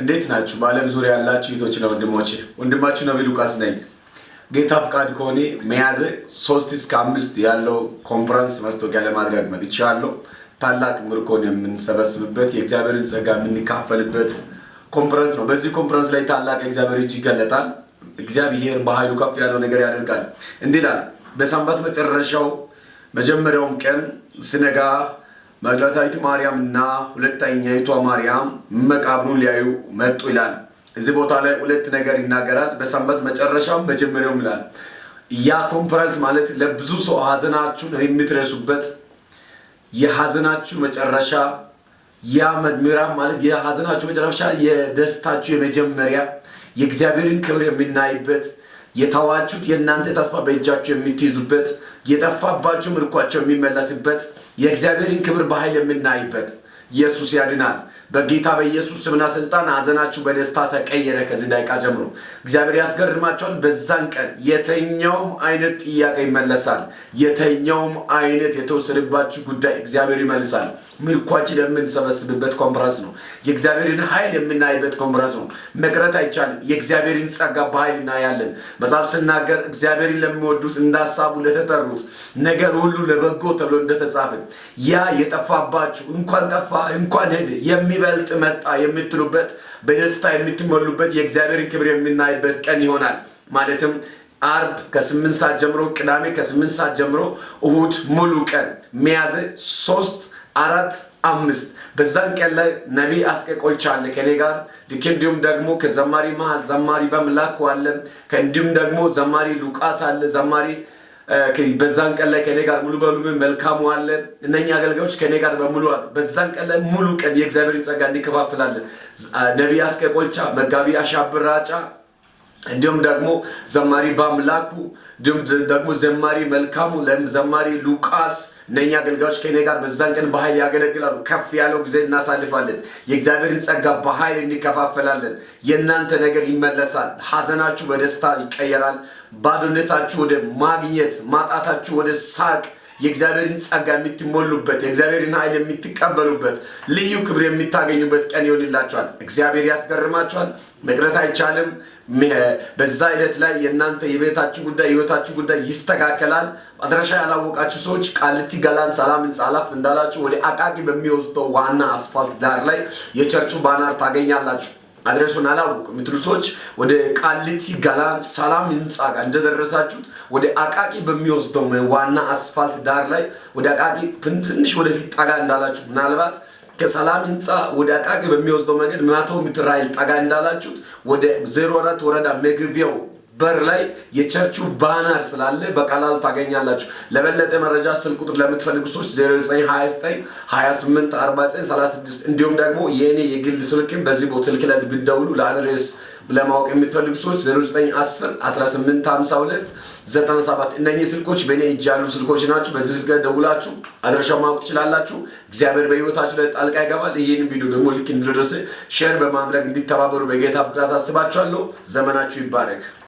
እንዴት ናችሁ? በዓለም ዙሪያ ያላችሁ እህቶችና ወንድሞቼ ወንድማችሁ ነብይ ሉቃስ ነኝ። ጌታ ፍቃድ ከሆነ ሚያዝያ ሶስት እስከ አምስት ያለው ኮንፈረንስ ማስታወቂያ ለማድረግ መጥቻለሁ። ታላቅ ምርኮን የምንሰበስብበት የእግዚአብሔርን ጸጋ የምንካፈልበት ኮንፈረንስ ነው። በዚህ ኮንፈረንስ ላይ ታላቅ የእግዚአብሔር እጅ ይገለጣል። እግዚአብሔር በኃይሉ ከፍ ያለው ነገር ያደርጋል። እንዲላል በሳምንት መጨረሻው መጀመሪያውም ቀን ስነጋ መግደላዊት ማርያም እና ሁለተኛይቷ ማርያም መቃብሩን ሊያዩ መጡ ይላል። እዚህ ቦታ ላይ ሁለት ነገር ይናገራል። በሰንበት መጨረሻም መጀመሪያውም ይላል። ያ ኮንፈረንስ ማለት ለብዙ ሰው ሀዘናችሁን የምትረሱበት የሀዘናችሁ መጨረሻ፣ ያ ምዕራፍ ማለት የሀዘናችሁ መጨረሻ፣ የደስታችሁ የመጀመሪያ፣ የእግዚአብሔርን ክብር የምናይበት፣ የተዋችሁት የእናንተ ተስፋ በእጃችሁ የምትይዙበት የጠፋባችሁ ምርኳቸው የሚመለስበት የእግዚአብሔርን ክብር በኃይል የምናይበት ኢየሱስ ያድናል። በጌታ በኢየሱስ ስምና ስልጣን ሐዘናችሁ በደስታ ተቀየረ። ከዚህ ደቂቃ ጀምሮ እግዚአብሔር ያስገርማቸዋል። በዛን ቀን የተኛውም አይነት ጥያቄ ይመለሳል። የተኛውም አይነት የተወሰደባችሁ ጉዳይ እግዚአብሔር ይመልሳል። ምልኳችን የምንሰበስብበት ኮንፈረንስ ነው። የእግዚአብሔርን ኃይል የምናይበት ኮንፈረንስ ነው። መቅረት አይቻልም። የእግዚአብሔርን ጸጋ በኃይል እናያለን። መጽሐፍ ስናገር እግዚአብሔርን ለሚወዱት እንዳሳቡ ለተጠሩት ነገር ሁሉ ለበጎ ተብሎ እንደተጻፈ ያ የጠፋባችሁ እንኳን ጠፋ እንኳን ሄድ የሚበልጥ መጣ የምትሉበት በደስታ የምትሞሉበት የእግዚአብሔርን ክብር የምናይበት ቀን ይሆናል። ማለትም አርብ ከስምንት ሰዓት ጀምሮ ቅዳሜ ከስምንት ሰዓት ጀምሮ እሁድ ሙሉ ቀን ሚያዝያ ሶስት አራት አምስት በዛን ቀን ላይ ነቢይ አስቀቆልቻ አለ ከኔ ጋር ልክ እንዲሁም ደግሞ ከዘማሪ መሃል ዘማሪ በምላኩ አለ እንዲሁም ደግሞ ዘማሪ ሉቃስ አለ ዘማሪ በዛን ቀን ላይ ከእኔ ጋር ሙሉ በሙሉ መልካሙ አለ። እነኛ አገልጋዮች ከኔ ጋር በሙሉ አለ። በዛን ቀን ላይ ሙሉ ቀን የእግዚአብሔርን ጸጋ እንዲከፋፍላለን። ነቢይ አስቀቆልቻ፣ መጋቢ አሻብራጫ እንዲሁም ደግሞ ዘማሪ በአምላኩ እንዲሁም ደግሞ ዘማሪ መልካሙ ዘማሪ ሉቃስ እነኛ አገልጋዮች ከኔ ጋር በዛን ቀን በኃይል ያገለግላሉ። ከፍ ያለው ጊዜ እናሳልፋለን። የእግዚአብሔርን ጸጋ በኃይል እንከፋፈላለን። የእናንተ ነገር ይመለሳል። ሐዘናችሁ በደስታ ይቀየራል። ባዶነታችሁ ወደ ማግኘት፣ ማጣታችሁ ወደ ሳቅ የእግዚአብሔርን ጸጋ የምትሞሉበት የእግዚአብሔርን ኃይል የምትቀበሉበት ልዩ ክብር የምታገኙበት ቀን ይሆንላችኋል። እግዚአብሔር ያስገርማቸዋል መቅረት አይቻልም። በዛ ሂደት ላይ የእናንተ የቤታችሁ ጉዳይ የህይወታችሁ ጉዳይ ይስተካከላል። አድራሻ ያላወቃችሁ ሰዎች ቃልቲ ገላን ሰላም ጻላፍ እንዳላችሁ ወደ አቃቂ በሚወስደው ዋና አስፋልት ዳር ላይ የቸርቹ ባናር ታገኛላችሁ። አድረሱን አላወቁ የምትሉ ሰዎች ወደ ቃሊቲ ጋላ ሰላም ህንፃ ጋር እንደደረሳችሁት ወደ አቃቂ በሚወስደው ዋና አስፋልት ዳር ላይ ወደ አቃቂ ትንሽ ወደፊት ጠጋ እንዳላችሁ ምናልባት ከሰላም ህንፃ ወደ አቃቂ በሚወስደው መንገድ መቶ ሚትራይል ራይል ጠጋ እንዳላችሁት ወደ 04 ወረዳ መግቢያው በር ላይ የቸርቹ ባነር ስላለ በቀላሉ ታገኛላችሁ። ለበለጠ መረጃ ስልክ ቁጥር ለምትፈልጉ ሰዎች 36 እንዲሁም ደግሞ የእኔ የግል ስልክም በዚህ ቦታ ስልክ ላይ ብደውሉ ለአድሬስ ለማወቅ የምትፈልጉ ሰዎች 97 እነኚህ ስልኮች በእኔ እጅ ያሉ ስልኮች ናቸው። በዚህ ስልክ ላይ ደውላችሁ አድራሻው ማወቅ ትችላላችሁ። እግዚአብሔር በህይወታችሁ ላይ ጣልቃ ይገባል። ይህን ቪዲዮ ደግሞ ልክ እንድደርስ ሼር በማድረግ እንዲተባበሩ በጌታ ፍቅር አሳስባችኋለሁ። ዘመናችሁ ይባረክ።